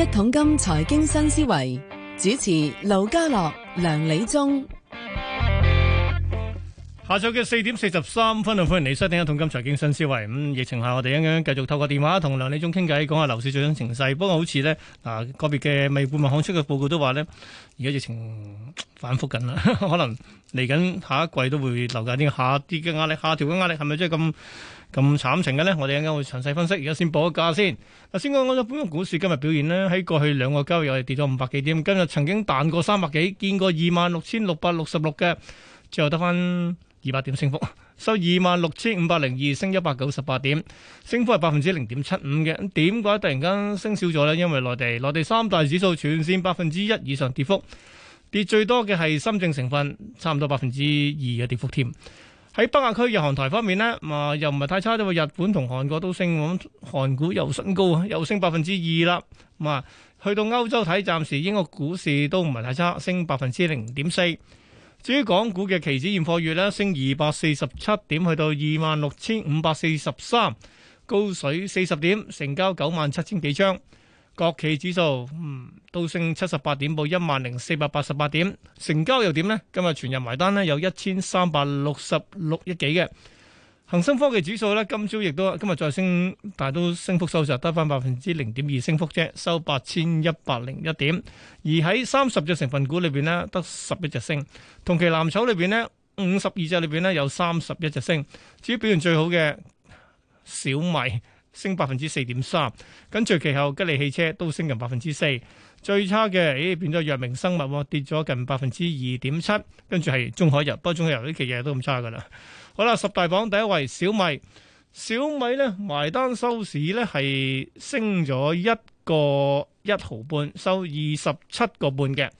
一桶金財經新思維主持劉家樂、梁理中，下晝嘅四點四十三分，歡迎你收聽《一桶金財經新思維》。咁疫情下，我哋一樣樣繼續透過電話同梁理中傾偈，講下樓市最新情勢。不過，好似呢啊，個別嘅未半銀行出嘅報告都話呢，而家疫情反復緊啦，可能嚟緊下一季都會樓價啲下跌嘅壓力、下調嘅壓力，係咪真係咁？咁慘情嘅呢，我哋陣間會詳細分析。而家先報個價先。嗱，先講講我哋本個股市今日表現呢，喺過去兩個交易日跌咗五百幾點，今日曾經彈過三百幾，見過二萬六千六百六十六嘅，最後得返二百點升幅，收二萬六千五百零二，升一百九十八點，升幅係百分之零點七五嘅。點解突然間升少咗呢？因為內地內地三大指數全線百分之一以上跌幅，跌最多嘅係深證成分，差唔多百分之二嘅跌幅添。喺北亞區日韓台方面咧，啊又唔係太差啫喎，日本同韓國都升，咁韓股又新高又升百分之二啦。啊，去到歐洲睇，暫時英國股市都唔係太差，升百分之零點四。至於港股嘅期指現貨月咧，升二百四十七點，去到二萬六千五百四十三，高水四十點，成交九萬七千幾張。國企指數嗯，都升七十八點，到一萬零四百八十八點。成交又點呢？今日全日埋單呢，有一千三百六十六億幾嘅。恒生科技指數呢，今朝亦都今日再升，但係都升幅收窄，得翻百分之零點二升幅啫，收八千一百零一點。而喺三十隻成分股裏邊呢，得十一隻升。同期藍籌裏邊呢，五十二隻裏邊呢，有三十一隻升。至於表現最好嘅小米。升百分之四點三，跟住其後吉利汽車都升近百分之四，最差嘅咦變咗藥明生物，跌咗近百分之二點七，跟住係中海油。不過中海油呢期嘢都咁差噶啦。好啦，十大榜第一位小米，小米呢埋單收市呢係升咗一個一毫半，收二十七個半嘅。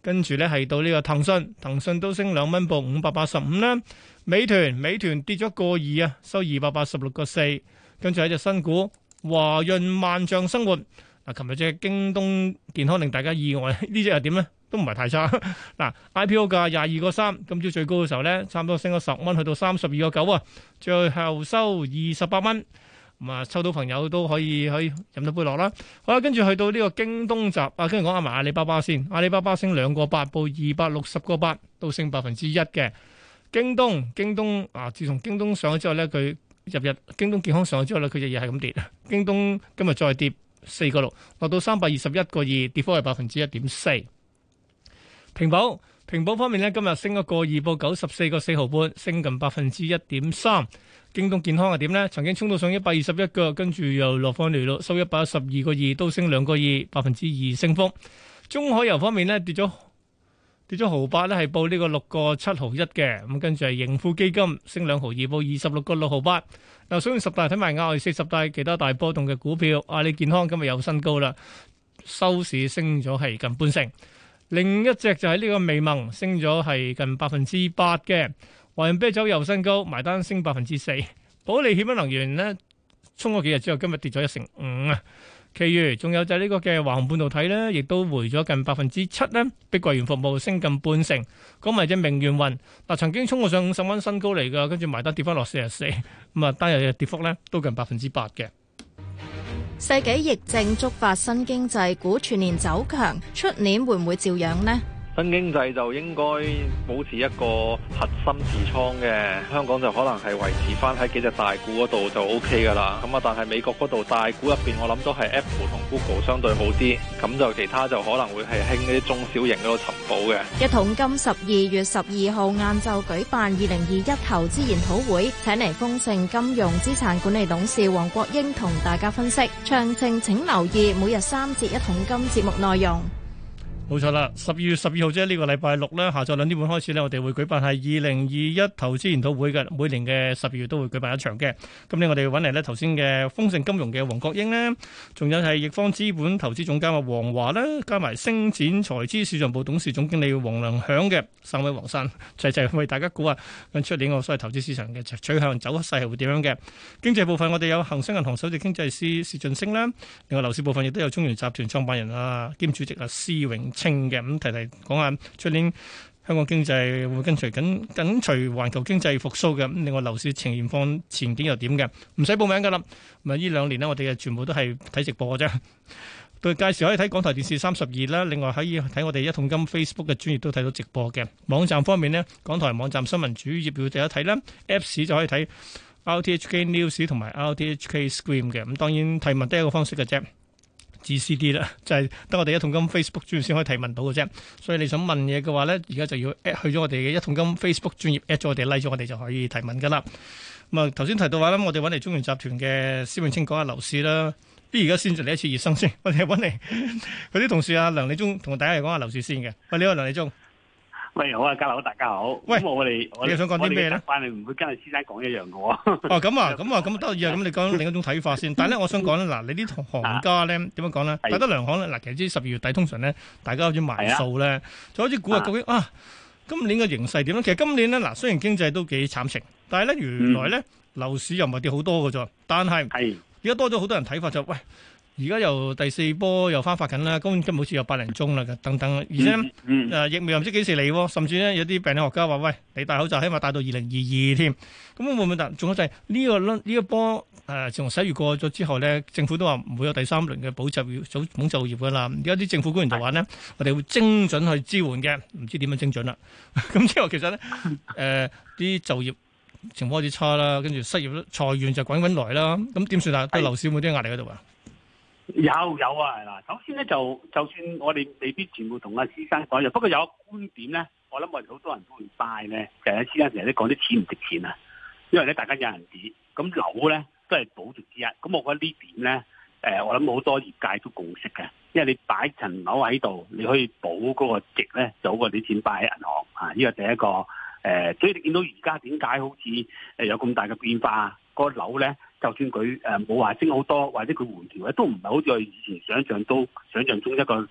跟住呢係到呢個騰訊，騰訊都升兩蚊，報五百八十五呢。美團，美團跌咗個二啊，收二百八十六個四。跟住係一隻新股華潤萬象生活嗱，琴日隻京東健康令大家意外，隻呢隻又點咧？都唔係太差。嗱，IPO 價廿二個三，今朝最高嘅時候咧，差唔多升咗十蚊，去到三十二個九啊，最後收二十八蚊。咁啊，抽到朋友都可以去飲得杯落啦。好啦，跟住去到呢個京東集啊，跟住講下埋阿里巴巴先。阿里巴巴升兩個八，報二百六十個八，都升百分之一嘅。京東，京東啊，自從京東上咗之後咧，佢。入日，京東健康上咗之後咧，佢就又係咁跌。京東今日再跌四個六，落到三百二十一個二，跌幅係百分之一點四。平保平保方面呢，今日升一個二，報九十四個四毫半，升近百分之一點三。京東健康係點呢？曾經衝到上一百二十一個，跟住又落翻嚟咯，收一百一十二個二，都升兩個二，百分之二升幅。中海油方面呢，跌咗。跌咗毫八咧，係報呢個六個七毫一嘅，咁跟住係盈富基金升兩毫二報，報二十六個六毫八。嗱，所以十大睇埋啊，我哋四十大其他大波動嘅股票，阿里健康今日又新高啦，收市升咗係近半成。另一隻就喺呢個美盟升咗係近百分之八嘅，華潤啤酒又新高，埋單升百分之四，保利險品能源咧衝咗幾日之後，今日跌咗一成五。其餘仲有就係呢個嘅華虹半導體呢，亦都回咗近百分之七呢，碧桂園服務升近半成，講埋隻明源雲嗱，曾經衝過上五十蚊新高嚟㗎，跟住埋單跌返落四十四，咁啊單日嘅跌幅呢都近百分之八嘅。世紀疫症觸發新經濟股全年走強，出年會唔會照樣呢？新經濟就應該保持一個核心持倉嘅，香港就可能係維持翻喺幾隻大股嗰度就 O K 㗎喇。咁啊，但係美國嗰度大股入面，我諗都係 Apple 同 Google 相對好啲，咁就其他就可能會係興啲中小型嗰個尋寶嘅。一桶金十二月十二號晏晝舉辦二零二一投資研討會，請嚟豐盛金融資產管理董事黃國英同大家分析詳情。請留意每日三節一桶金節目內容。冇錯啦，十二月十二號即係呢個禮拜六咧，下晝兩點半開始咧，我哋會舉辦係二零二一投資研討會嘅。每年嘅十二月都會舉辦一場嘅。今年我哋揾嚟咧，頭先嘅豐盛金融嘅黃國英呢，仲有係易方資本投資總監啊黃華啦，加埋星展財資市場部董事總經理黃良響嘅三位黃生，齊齊為大家估啊，出年我所謂投資市場嘅取向走勢係會點樣嘅？經濟部分我哋有恒生銀行首席經濟師薛俊升啦，另外樓市部分亦都有中原集團創辦人啊兼主席啊施永。清嘅咁提提講下，出年香港經濟會跟隨緊緊隨環球經濟復甦嘅，咁，另外樓市情況前景又點嘅？唔使報名噶啦，咁啊依兩年咧，我哋啊全部都係睇直播嘅啫。到屆時可以睇港台電視三十二啦，另外可以睇我哋一桶金 Facebook 嘅專頁都睇到直播嘅，網站方面咧，港台網站新聞主頁要第一睇啦，Apps 就可以睇 RTHK News 同埋 RTHK Screen 嘅，咁，當然提問都一個方式嘅啫。自私啲啦，就係得我哋一桶金 Facebook 專頁先可以提問到嘅啫，所以你想問嘢嘅話咧，而家就要 add 去咗我哋嘅一桶金 Facebook 專頁 add 咗我哋 like 咗我哋就可以提問嘅啦。咁啊頭先提到話咧，我哋揾嚟中原集團嘅施永青講下樓市啦。啲而家先就嚟一次熱身先，我哋揾嚟佢啲同事啊梁理中同大家嚟講下樓市先嘅。喂，你好，梁理中。喂，好啊，嘉立好，大家好。喂，我哋你想講啲咩咧？但係唔會跟阿先生講一樣嘅。哦，咁啊，咁啊，咁得意啊！咁你講另一種睇法。先但係咧，我想講咧，嗱，你啲行家咧，點樣講咧？大家糧行咧，嗱，其實呢十二月底通常咧，大家好似埋數咧，就好似估啊究竟，今年嘅形勢點咧？其實今年咧，嗱，雖然經濟都幾慘情，但係咧，原來咧，樓市又唔係跌好多嘅啫。但係，而家多咗好多人睇法，就喂。而家又第四波又翻發緊啦，咁即係好似有八零宗啦，等等。而且誒、嗯嗯啊、疫苗唔知幾時嚟，甚至咧有啲病理學家話：喂，你戴口罩，起碼戴到二零二二添。咁會唔會仲有就係呢個呢？呢、這、一、個、波誒，自、呃、從十一月過咗之後咧，政府都話唔會有第三輪嘅補習與早就業嘅啦。而家啲政府官員就話咧，我哋、哎、會精準去支援嘅，唔知點樣精準啦。咁 之後其實咧，誒、呃、啲就業情況開始差啦，跟住失業、裁員就滾滾來啦。咁點算啊？對、哎、樓市有冇啲壓力喺度啊？有有啊嗱，首先咧就就算我哋未必全部同阿先生講嘢，不過有一個觀點咧，我諗我哋好多人都會 buy 咧。誒，先生成日都講啲錢唔值錢啊，因為咧大家有銀紙，咁樓咧都係保值之一。咁我覺得這呢點咧，誒、呃，我諗好多業界都共識嘅，因為你擺層樓喺度，你可以保嗰個值咧，就好過啲錢擺喺銀行啊。呢個第一個誒、呃，所以你見到而家點解好似誒有咁大嘅變化啊？嗰樓咧。就算佢冇話升好多，或者佢回調咧，都唔係好似我以前都想象到、想象中一個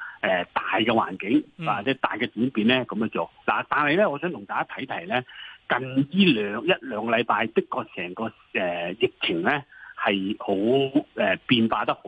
大嘅環境、嗯、或者大嘅轉變咧咁樣做。嗱，但係咧，我想同大家睇睇咧，近呢兩一兩禮拜的確成個、呃、疫情咧係好誒、呃、變化得好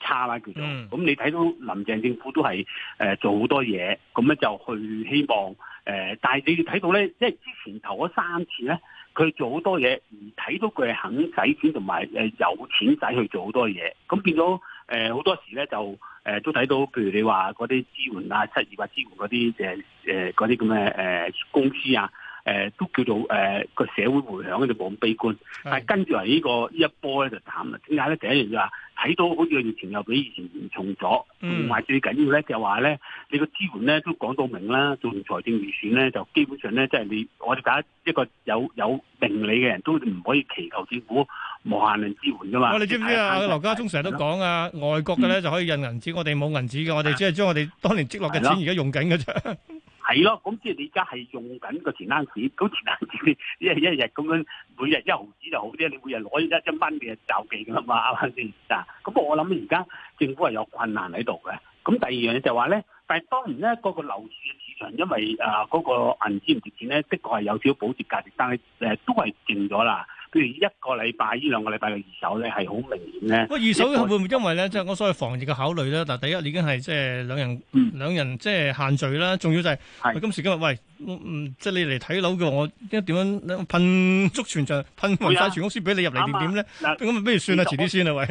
差啦叫做。咁、嗯、你睇到林鄭政府都係、呃、做好多嘢，咁咧就去希望、呃、但係你睇到咧，即係之前投咗三次咧。佢做好多嘢，唔睇到佢係肯使錢同埋有錢使去做好多嘢，咁變咗誒好多時咧就誒、呃、都睇到，譬如你話嗰啲支援啊、失業啊支援嗰啲誒嗰啲咁嘅誒公司啊。誒、呃、都叫做誒個、呃、社會迴響咧就冇咁悲觀，的但跟住嚟呢個呢一波咧就慘啦。點解咧？第一樣就話睇到好似個疫情又比以前嚴重咗，同埋、嗯、最緊要咧就話、是、咧，你個支援咧都講到明啦。做財政預算咧就基本上咧即係你，我哋大家一個有有定理嘅人都唔可以祈求政府無限量支援噶嘛。你、哦、知唔知啊？的羅家聰啊，羅家聰成日都講啊，外國嘅咧就可以印銀紙、嗯，我哋冇銀紙嘅，我哋只係將我哋當年積落嘅錢的而家用緊嘅啫。係咯，咁即係你而家係用緊個存單紙，咁存單紙一日一日咁樣，每日一毫紙就好啲，你每日攞一一蚊嘅就記噶啦嘛，啱唔啱先？咁我諗而家政府係有困難喺度嘅。咁第二樣就話咧，但係當然咧，嗰、那個樓市嘅市場因為嗰、呃、那個銀紙唔值錢咧，的確係有少少保值價值，但係誒、呃、都係淨咗啦。譬如一個禮拜、呢兩個禮拜嘅二手咧，係好明顯咧。喂，二手會唔會因為咧，即係我所謂防疫嘅考慮咧？嗱，第一已經係即係兩人，嗯、兩人即係限聚啦。仲要就係、是，係是今時今日，喂，嗯、呃、即係你嚟睇樓嘅，我依家點樣噴足全場，噴勻晒全公司俾你入嚟，點點咧？嗱，咁咪但不如算啦，遲啲先啦，喂。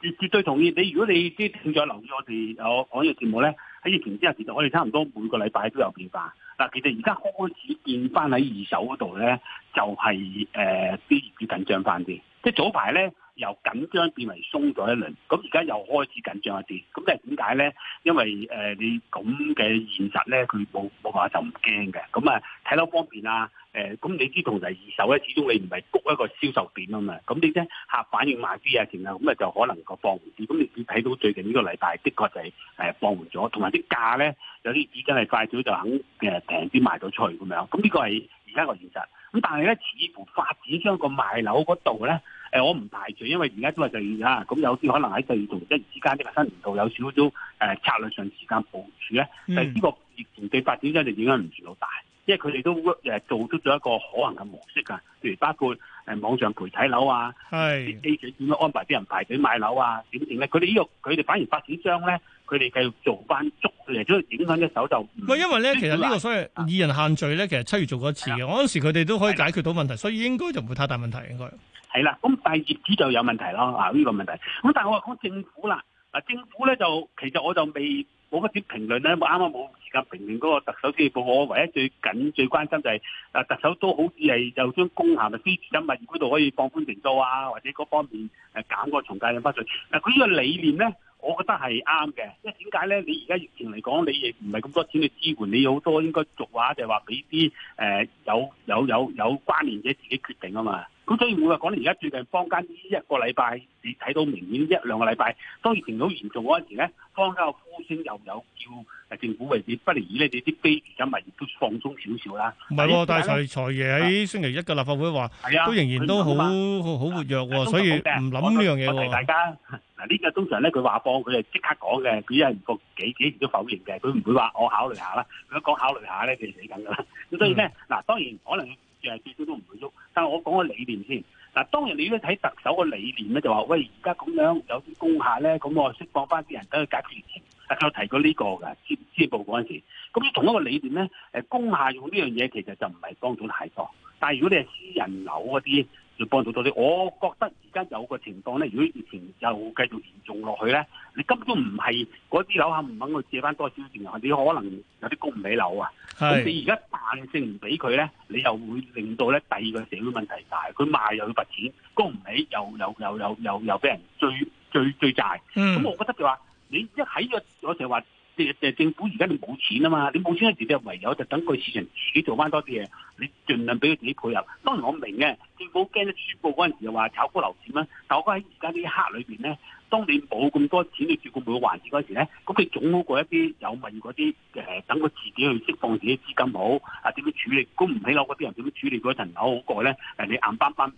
絕絕對同意。你如果你啲正在留意我哋有我哋節目咧，喺疫情之下，其實我哋差唔多每個禮拜都有變化。嗱，其實而家開始見翻喺二手嗰度咧，就係誒啲業主緊張翻啲，即係早排咧。由緊張變為鬆咗一輪，咁而家又開始緊張一啲，咁係點解咧？因為誒你咁嘅現實咧，佢冇冇話就唔驚嘅，咁啊睇樓方便啊，誒咁你知同埋二手咧，始終你唔係谷一個銷售點啊嘛，咁你啲客反應慢啲啊，然後咁啊就可能個放緩啲，咁你睇到最近呢個禮拜的確就係誒放緩咗，同埋啲價咧有啲已經係快到就肯誒平啲賣到出去咁樣，咁呢個係而家個現實，咁但係咧似乎發展商個賣樓嗰度咧。誒，我唔排除，因為而家都話第二咁有啲可能喺第二度，一月之間，即係新年度有少少誒、呃、策略上時間部署咧。嗯、但係呢個疫情嘅發展真就影響唔算好大，因為佢哋都誒做出咗一個可行嘅模式噶，譬如包括誒網上陪睇樓啊，啲 a g 點樣安排啲人排隊買樓啊，點點咧？佢哋呢個佢哋反而發展商咧，佢哋繼續做翻足哋都以影響一手就唔因為咧，其實呢個所謂，啊、以二人限聚咧，其實七月做過一次嘅，我嗰，啊、時佢哋都可以解決到問題，的所以應該就唔會太大問題應該。係啦，咁但係業主就有問題咯，啊呢個問題。咁但係我話講政府啦，政府咧就其實我就未，我乜次評論咧，我啱啱冇時間評論嗰個特首施政報告我唯一最緊最關心就係、是，啊特首都好似係就將公函嘅支持咁，物業嗰度可以放寬停租啊，或者嗰方面誒減個重計印花稅。嗱佢呢個理念咧，我覺得係啱嘅。即係點解咧？你而家疫情嚟講，你亦唔係咁多錢去支援，你好多應該俗話就係話俾啲誒有有有有關聯者自己決定啊嘛。咁所以我話講咧，而家最近坊間呢一個禮拜，你睇到明顯一兩個禮拜，當疫情好嚴重嗰陣時咧，坊間嘅呼聲又有叫誒政府為止，不如異咧，你啲卑微嘅民都放鬆少少啦。唔係，但係財爺喺星期一嘅立法會話，都仍然都好好活躍喎。所以唔諗呢樣嘢喎。我哋大家嗱呢個通常咧，佢話況佢係即刻講嘅，佢因為個幾幾年都否認嘅，佢唔會話我考慮下啦。如果講考慮下咧，佢死緊㗎啦。咁所以咧，嗱當然可能。誒，基本 都唔會喐。但係我講個理念先。嗱，當然你如果睇特首個理念咧，就話喂，而家咁樣有啲工廈咧，咁我釋放翻啲人去解決疫情。我提過呢個嘅，接資報嗰陣時。咁同一個理念咧，誒工廈用呢樣嘢其實就唔係幫到太多。但係如果你係私人樓嗰啲，就幫到多啲。我覺得而家有個情況咧，如果疫情又繼續嚴重落去咧。你根本唔係嗰啲樓客唔肯去借翻多少錢啊！你可能有啲供唔起樓啊！咁是你而家彈性唔俾佢咧，你又會令到咧第二個社會問題大。佢賣又要罰錢，供唔起又又又又又又俾人追追追債！咁、嗯、我覺得就話你一喺個我成日話政府而家你冇錢啊嘛！你冇錢嗰時你唯有就等佢市場自己做翻多啲嘢，你儘量俾佢自己配合。當然我明嘅，政府驚得宣佈嗰陣時又話炒高樓市啦，但我覺得喺而家呢一刻裏邊咧。當你冇咁多錢去照顧每個環節嗰時咧，咁你總好過一啲有物業嗰啲誒，等佢自己去釋放自己資金好啊？點樣處理？供唔起樓嗰啲人點樣處理嗰層樓好過咧？誒，你硬崩崩。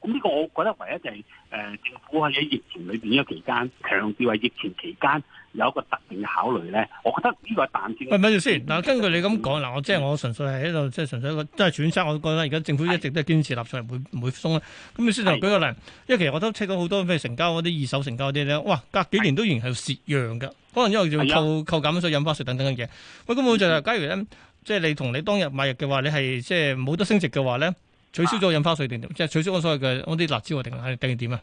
咁呢個我覺得唯一就係、是、誒、呃、政府喺疫情裏邊呢個期間，強調話疫情期間有一個特定嘅考慮咧。我覺得呢個係彈性。咪咪住先嗱，等等根據你咁講嗱，我即係我純粹係喺度，即係純粹一個即係轉身。我覺得而家政府一直都堅持立場，唔是會唔會鬆啦。咁你先頭舉個例，是因為其實我都 check 到好多譬如成交嗰啲二手成交嗰啲咧，哇！隔幾年都仍然係蝕讓嘅，可能因為要扣的扣減稅、印花稅等等嘅嘢。喂、就是，咁我就係假如咧，的即係你同你當日買入嘅話，你係即係冇得升值嘅話咧？取消咗印花稅定點，即係取消咗所謂嘅嗰啲辣招，我定係定係點啊？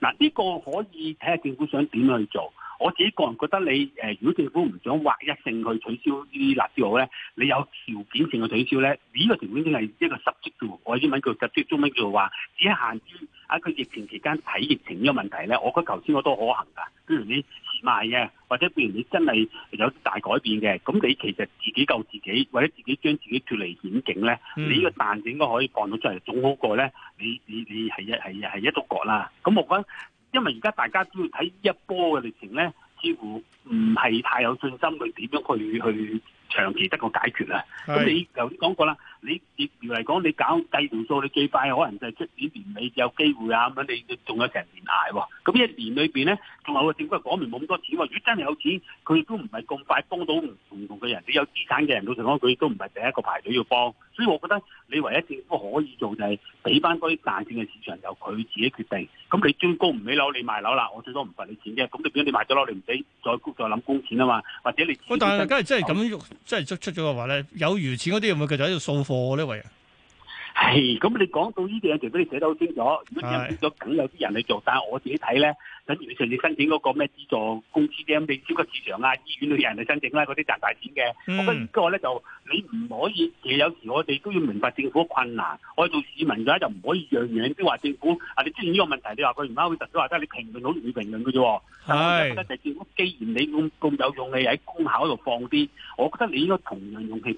嗱，呢個可以睇下政府想點樣去做。我自己個人覺得你，你、呃、誒，如果政府唔想劃一性去取消呢啲辣招咧，你有條件性嘅取消咧，呢、呢個條件性係一個實質嘅我英文叫「實質中文叫做話，只限於喺佢疫情期間睇疫情呢個問題咧。我覺得頭先我都可行噶。譬如你遲賣嘅，或者譬如你真係有大改變嘅，咁你其實自己救自己，或者自己將自己脫離險境咧，嗯、你呢個彈性應該可以放到出嚟，總好過咧，你你你係一係係一獨角啦。咁我覺得。因為而家大家都要睇一波嘅歷程咧，似乎唔係太有信心去點樣去去長期得個解決啦，咁是你頭先講過啦。你接住嚟講，你搞計條數，你最快可能就出年年尾有機會啊咁樣，你仲有成年挨喎。咁一年裏邊咧，仲有個政府係講明冇咁多錢喎。如果真係有錢，佢亦都唔係咁快幫到唔同嘅人。你有資產嘅人，老實講，佢都唔係第一個排隊要幫。所以，我覺得你唯一政府可以做就係俾翻嗰啲大眾嘅市場由佢自己決定。咁你最高唔起樓，你賣樓啦。我最多唔罰你錢啫。咁你變咗你賣咗樓，你唔使再再諗工錢啊嘛。或者你……但係大家真係咁，嗯、真係出出咗嘅話咧，有餘錢嗰啲，會唔會繼續喺度送？貨呢位啊？係咁，你講到呢啲嘢，全部你寫得好清楚。如果真變咗，梗有啲人去做。但係我自己睇咧，等於上次申請嗰個咩資助公司啲咁，畀超級市場啊、醫院啲人去申請啦，嗰啲賺大錢嘅。嗯、我覺得呢個咧就你唔可以，其實有時我哋都要明白政府困難。我哋做市民嘅話就唔可以樣樣都話、即係、政府。啊，你出現呢個問題，你話佢唔啱，會純粹即得你評論，好容易評論嘅啫。係，但係政府既然你咁咁有勇氣喺公考度放啲，我覺得你應該同樣勇氣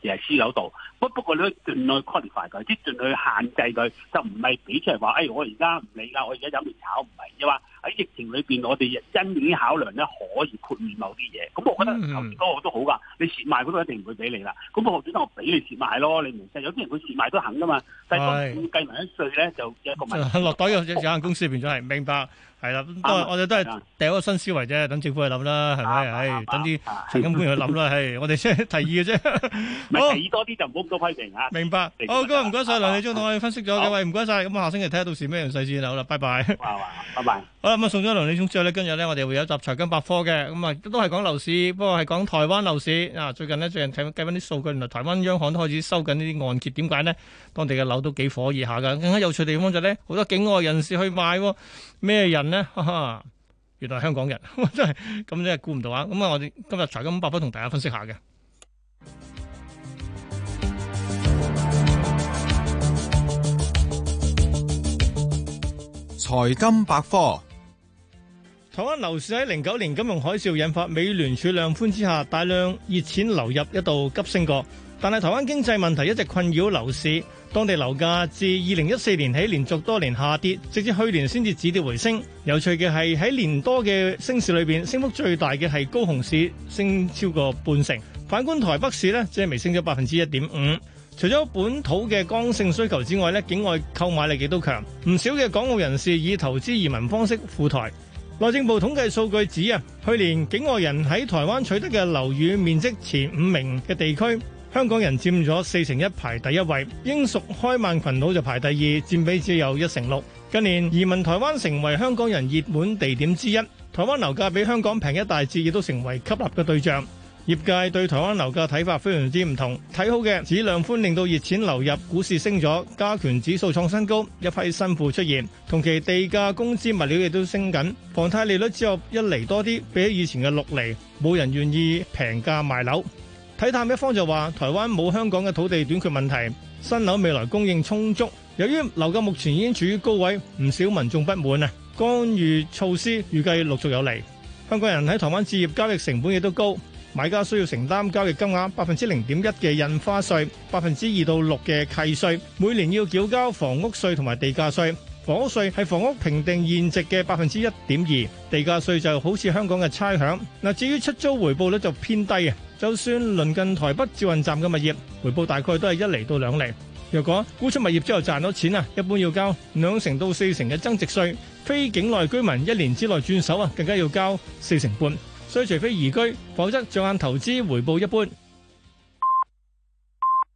亦係私有度，不不過你盡去 qualify 佢，即盡去限制佢，就唔係俾出嚟話，誒我而家唔理啦，我而家飲面炒唔係就話。喺疫情裏邊，我哋因應啲考量咧，可以豁免某啲嘢。咁我覺得頭先嗰個都好噶，你蝕賣嗰個一定唔會俾你啦。咁我先生，我俾你蝕賣咯，你唔識。有啲人會蝕賣都肯噶嘛，但係計埋一稅咧，就有一個問題。落袋有限公司變咗係明白，係啦。我哋都係掉一個新思維啫，等政府去諗啦，係咪？係等啲金管局去諗啦。係我哋先提議嘅啫。咪提議多啲就唔好咁多批評嚇。明白。好，唔該唔該晒。梁理中同我哋分析咗嘅位，唔該晒。咁我下星期睇下到時咩樣細節啦。好啦，拜拜。拜拜。了送咗梁理中之後咧，今日咧我哋會有集財金百科嘅，咁、嗯、啊都係講樓市，不過係講台灣樓市啊。最近呢，最近睇計翻啲數據，原來台灣央行都開始收緊呢啲按揭，點解呢？當地嘅樓都幾火熱下噶更加有趣地方就咧，好多境外人士去買，咩人呢？哈哈，原來係香港人，呵呵真係咁真係估唔到啊！咁、嗯、啊，我哋今日財金百科同大家分析下嘅財金百科。台灣樓市喺零九年金融海嘯引發，美聯儲量寬之下，大量熱錢流入，一度急升過。但係台灣經濟問題一直困擾樓市，當地樓價自二零一四年起連續多年下跌，直至去年先至止跌回升。有趣嘅係喺年多嘅升市裏邊，升幅最大嘅係高雄市，升超過半成。反觀台北市呢，只係微升咗百分之一點五。除咗本土嘅剛性需求之外，境外購買力幾都強，唔少嘅港澳人士以投資移民方式赴台。內政部統計數據指啊，去年境外人喺台灣取得嘅樓宇面積前五名嘅地區，香港人佔咗四成一排第一位，英屬開曼群島就排第二，佔比只有一成六。近年移民台灣成為香港人熱門地點之一，台灣樓價比香港平一大截，亦都成為吸納嘅對象。業界對台灣樓價睇法非常之唔同的，睇好嘅指量寬令到熱錢流入，股市升咗，加權指數創新高，一批新富出現。同期地價、工資、物料亦都升緊，房貸利率只有一厘多啲，比起以前嘅六厘，冇人願意平價賣樓。睇淡一方就話，台灣冇香港嘅土地短缺問題，新樓未來供應充足。由於樓價目前已經處於高位，唔少民眾不滿啊，干預措施預計陸續有嚟。香港人喺台灣置業交易成本亦都高。買家需要承擔交易金額百分之零點一嘅印花稅，百分之二到六嘅契稅，每年要繳交房屋稅同埋地價稅。房屋稅係房屋評定現值嘅百分之一點二，地價稅就好似香港嘅差餉。嗱，至於出租回報率就偏低，就算鄰近台北捷運站嘅物業，回報大概都係一厘到兩厘。若果沽出物業之後賺到錢啊，一般要交兩成到四成嘅增值稅，非境內居民一年之內轉手啊，更加要交四成半。所以，除非移居，否則着眼投資回報一般。